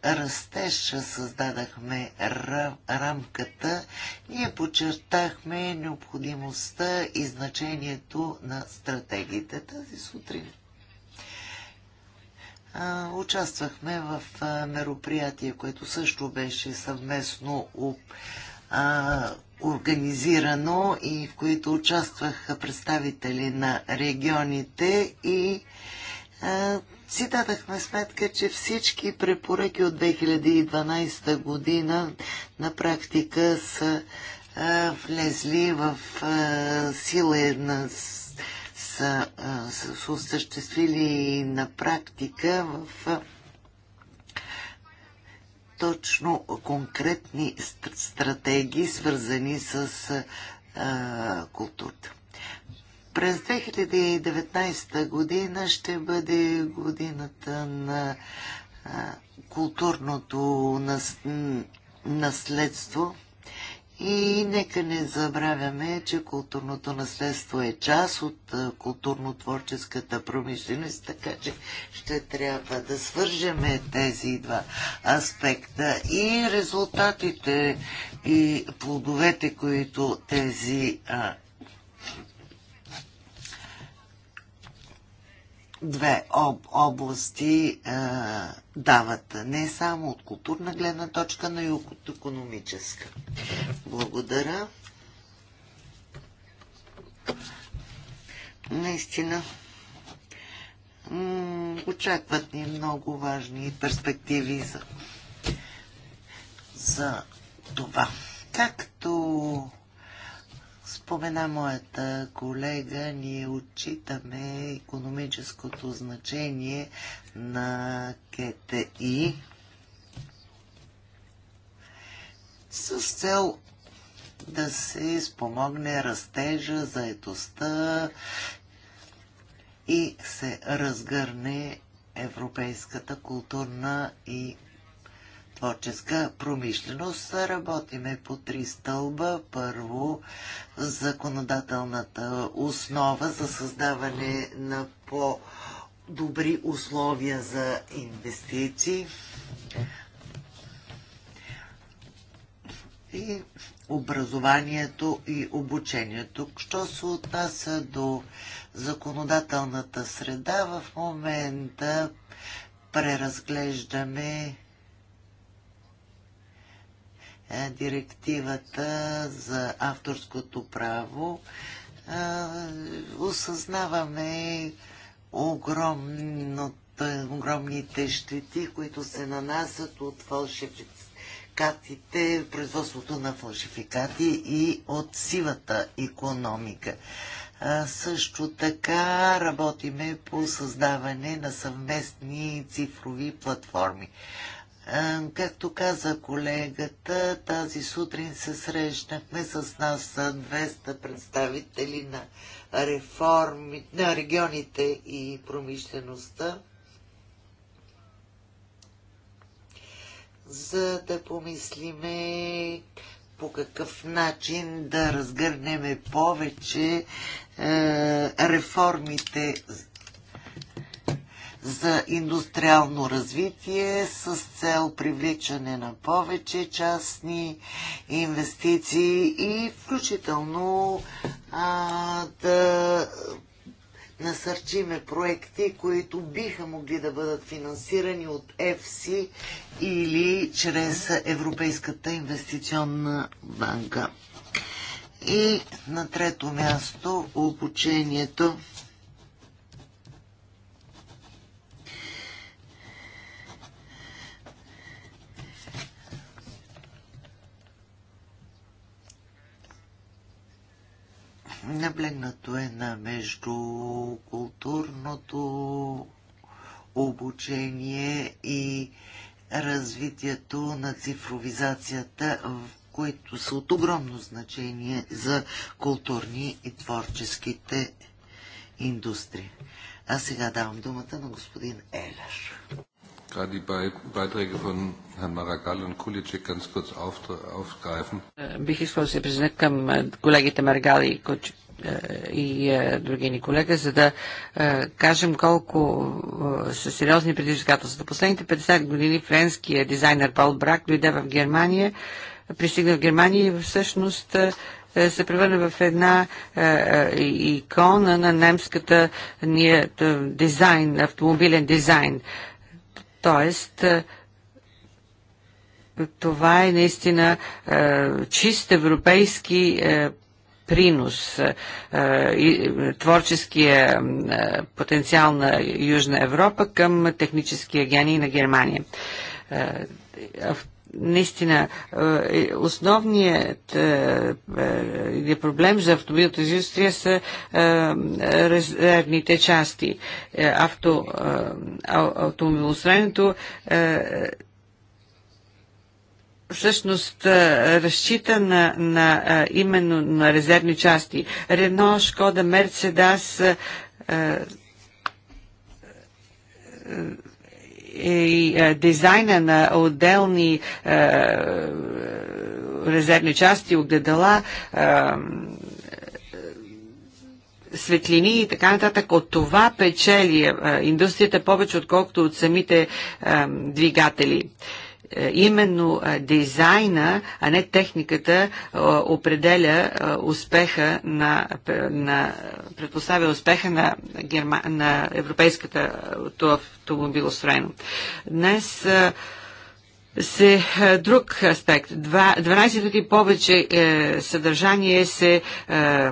растеж създадахме рамката, ние подчертахме необходимостта и значението на стратегиите тази сутрин. Участвахме в мероприятие, което също беше съвместно а, организирано и в които участваха представители на регионите и а, си дадахме сметка, че всички препоръки от 2012 година на практика са а, влезли в а, сила на са, са, са осъществили на практика в точно конкретни стратегии, свързани с а, културата. През 2019 година ще бъде годината на а, културното нас, наследство и нека не забравяме, че културното наследство е част от културно-творческата промишленост, така че ще трябва да свържеме тези два аспекта и резултатите и плодовете, които тези а, две об- области е, дават не само от културна гледна точка, но и от економическа. Благодаря. Наистина. очакват ни много важни перспективи за, за това. Както спомена моята колега, ние отчитаме економическото значение на КТИ с цел да се спомогне растежа, заетостта и се разгърне европейската културна и творческа промишленост. Работиме по три стълба. Първо, законодателната основа за създаване на по-добри условия за инвестиции. И образованието и обучението. Що се отнася до законодателната среда, в момента преразглеждаме е, директивата за авторското право, е, осъзнаваме огромното огромните щети, които се нанасят от фалшификатите, производството на фалшификати и от сивата економика. Е, също така работиме по създаване на съвместни цифрови платформи. Е, както каза колегата, тази сутрин се срещнахме с нас 200 представители на, реформи, на регионите и промишлеността, за да помислиме по какъв начин да разгърнеме повече е, реформите за индустриално развитие с цел привличане на повече частни инвестиции и включително а, да насърчиме проекти, които биха могли да бъдат финансирани от ЕФСИ или чрез Европейската инвестиционна банка. И на трето място обучението Наблегнато е на междукултурното обучение и развитието на цифровизацията, които са от огромно значение за културни и творческите индустрии. А сега давам думата на господин Елер gerade die Beiträge von Herrn Maragall und ganz kurz aufgreifen. Бих искал да се призна към колегите Маргали и други ни колега, за да кажем колко са сериозни предизвикателства. Последните 50 години френският дизайнер Пол Брак дойде в Германия, пристигна в Германия и всъщност се превърна в една икона на немската ние, дизайн, автомобилен дизайн. Тоест, е, това е наистина е, чист европейски е, принос, творческия потенциал на Южна Европа към техническия гений на Германия наистина е, основният е, е, проблем за автомобилната индустрия са резервните части. Авто, автомобилостроенето всъщност разчита на, на, именно на резервни части. Рено, Шкода, Мерцедас, е и е, дизайна на отделни е, резервни части, огледала, светлини и така нататък. От това печели индустрията повече, отколкото от самите двигатели. Е, именно е, дизайна, а не техниката е, определя успеха на, на предпоставя успеха на, Герма, на европейската автомобилостроено. Днес се друг аспект. 12 пъти повече е, съдържание се е, е,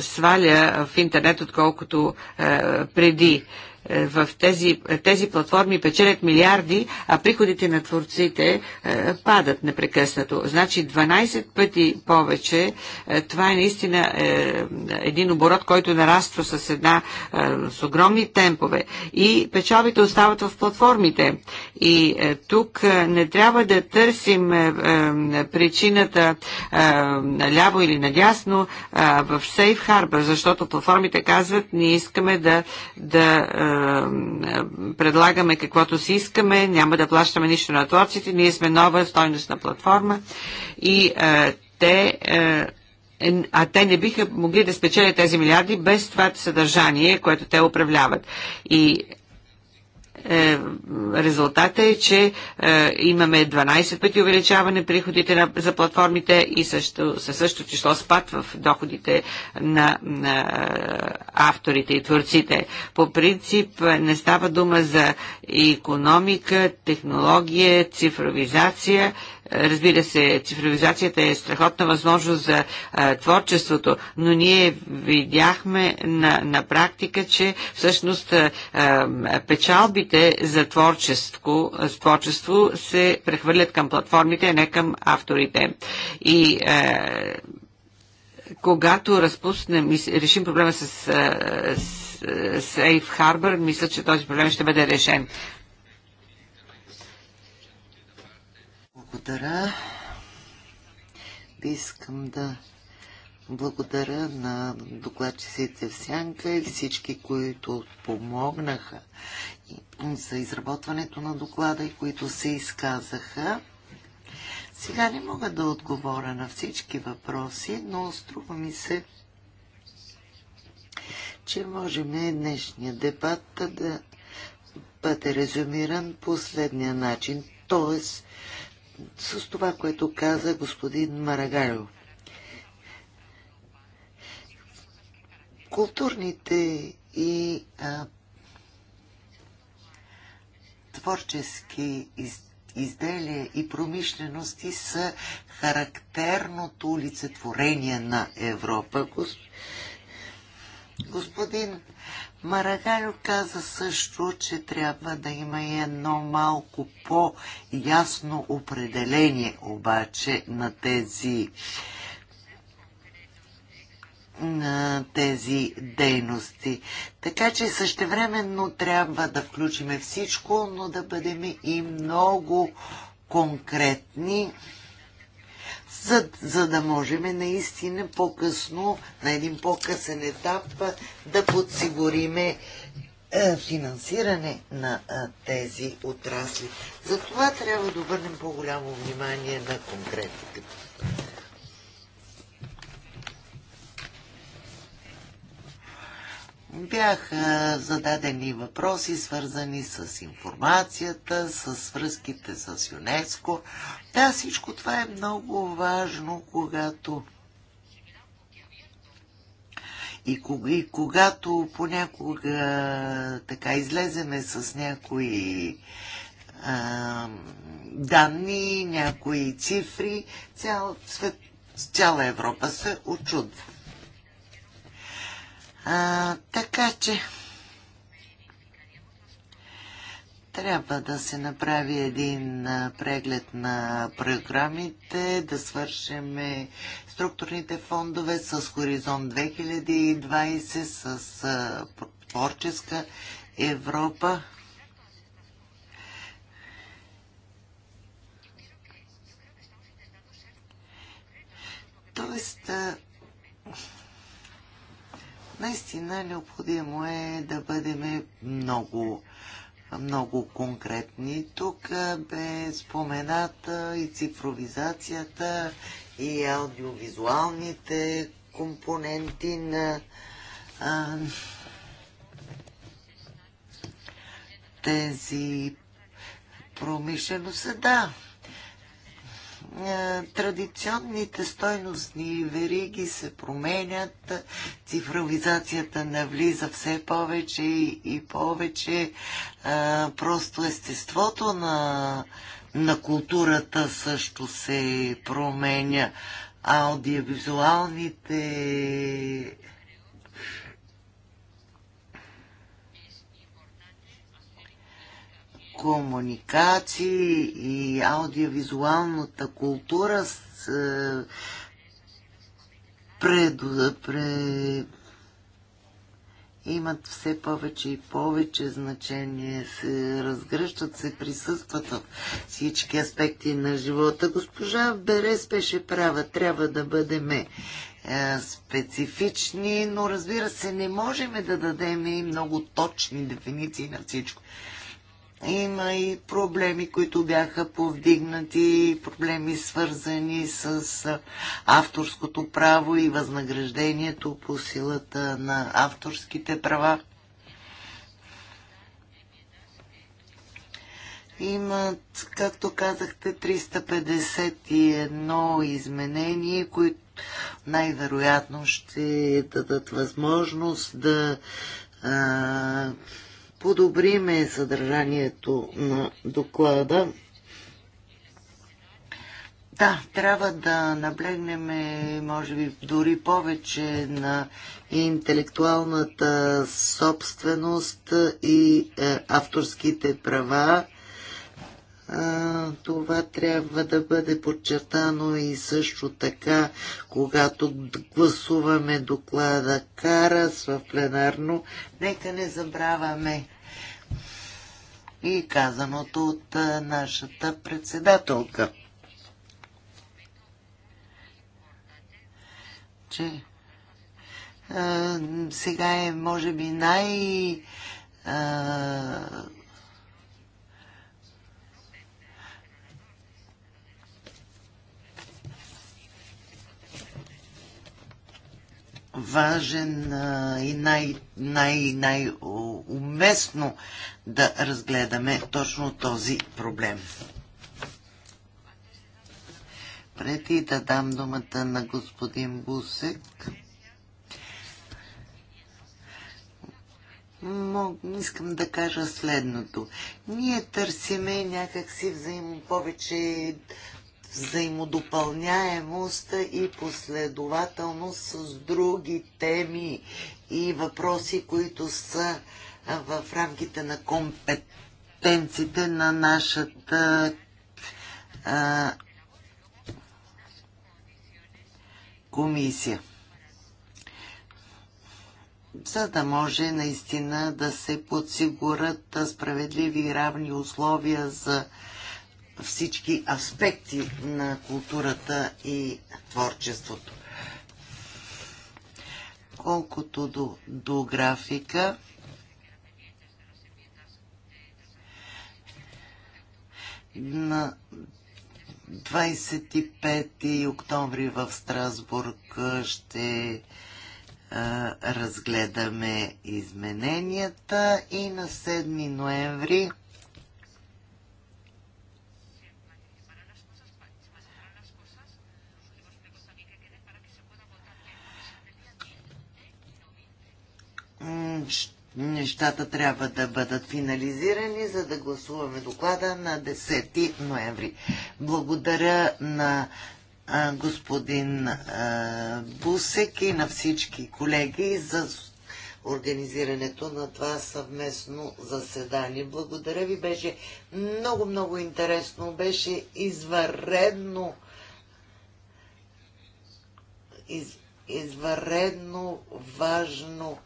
сваля в интернет, отколкото е, преди. Е, е, в тези, е, тези платформи печелят милиарди, а приходите на творците е, падат непрекъснато. Значи 12 пъти повече. Това е наистина един оборот, който нараства с една с огромни темпове. И печалбите остават в платформите. И тук не трябва да търсим причината ляво или надясно в Safe Harbor, защото платформите казват, ние искаме да, да е, предлагаме каквото си искаме, няма да плащаме нищо на творците, ние сме нова стойностна платформа и а, е, те а, е, а те не биха могли да спечелят тези милиарди без това съдържание, което те управляват. И е, резултата е, че е, имаме 12 пъти увеличаване приходите на, за платформите и също, със същото число спад в доходите на, на е, авторите и творците. По принцип не става дума за економика, технология, цифровизация – Разбира се, цифровизацията е страхотна възможност за а, творчеството, но ние видяхме на, на практика, че всъщност а, печалбите за творчество, за творчество се прехвърлят към платформите, а не към авторите. И а, когато разпуснем и решим проблема с, с Сейф Харбър, мисля, че този проблем ще бъде решен. Благодаря. Искам да благодаря на докладчиците в Сянка и всички, които помогнаха за изработването на доклада и които се изказаха. Сега не мога да отговоря на всички въпроси, но струва ми се, че можем днешния дебат да бъде резюмиран последния начин. Тоест, с това, което каза господин Марагайло. Културните и а, творчески из, изделия и промишлености са характерното олицетворение на Европа. Господин Господин Марагаль каза също, че трябва да има и едно малко по-ясно определение обаче на тези на тези дейности. Така че същевременно трябва да включиме всичко, но да бъдем и много конкретни за, за да можем наистина по-късно, на един по-късен етап, да подсигуриме е, финансиране на е, тези отрасли. Затова трябва да обърнем по-голямо внимание на конкретиката. Бяха зададени въпроси, свързани с информацията, с връзките с ЮНЕСКО. Да, всичко това е много важно, когато и, когато понякога така излеземе с някои а, данни, някои цифри, цял свет, цяла Европа се очудва. А, така че трябва да се направи един преглед на програмите, да свършим структурните фондове с Хоризонт 2020, с Творческа Европа. Тоест, Наистина необходимо е да бъдем много, много конкретни. Тук бе спомената и цифровизацията, и аудиовизуалните компоненти на а, тези промишленост. Да, е, традиционните стойностни вериги се променят, цифровизацията навлиза все повече и повече. Е, просто естеството на, на културата също се променя. Аудиовизуалните комуникации и аудиовизуалната култура с, пред, пред, имат все повече и повече значение, се разгръщат, се присъстват в всички аспекти на живота. Госпожа Берес беше права, трябва да бъдем е, специфични, но разбира се, не можем да дадем и много точни дефиниции на всичко. Има и проблеми, които бяха повдигнати, проблеми свързани с авторското право и възнаграждението по силата на авторските права. Има, както казахте, 351 изменения, които най-вероятно ще дадат възможност да а, подобриме съдържанието на доклада. Да, трябва да наблегнем, може би, дори повече на интелектуалната собственост и е, авторските права. А, е, това трябва да бъде подчертано и също така, когато гласуваме доклада Карас в пленарно. Нека не забравяме и казаното от нашата председателка. Че а, сега е, може би, най- а, важен и най, най, най уместно да разгледаме точно този проблем. Преди да дам думата на господин Бусек, мог, искам да кажа следното. Ние търсиме някакси взаимо повече взаимодопълняемост и последователност с други теми и въпроси, които са в рамките на компетенциите на нашата а, комисия. За да може наистина да се подсигурят справедливи и равни условия за всички аспекти на културата и творчеството. Колкото до, до графика, на 25 октомври в Страсбург ще разгледаме измененията и на 7 ноември нещата трябва да бъдат финализирани, за да гласуваме доклада на 10 ноември. Благодаря на господин Бусек и на всички колеги за организирането на това съвместно заседание. Благодаря ви, беше много-много интересно, беше извънредно из, извънредно важно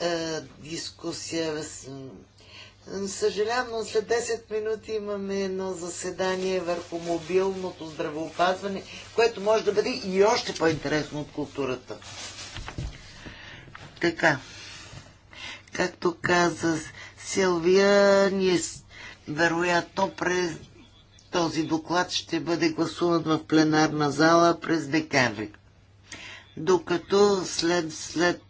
е, дискусия. Съжалявам, но след 10 минути имаме едно заседание върху мобилното здравеопазване, което може да бъде и още по-интересно от културата. Така. Както каза Силвия, ние вероятно през този доклад ще бъде гласуван в пленарна зала през декември. Докато след, след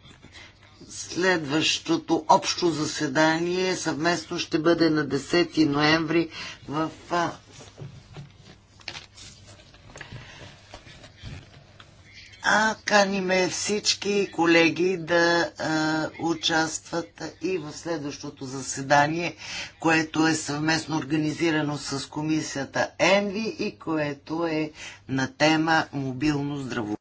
Следващото общо заседание съвместно ще бъде на 10 ноември в а каниме всички колеги да а, участват и в следващото заседание, което е съвместно организирано с комисията ЕНВИ и което е на тема мобилно здраво.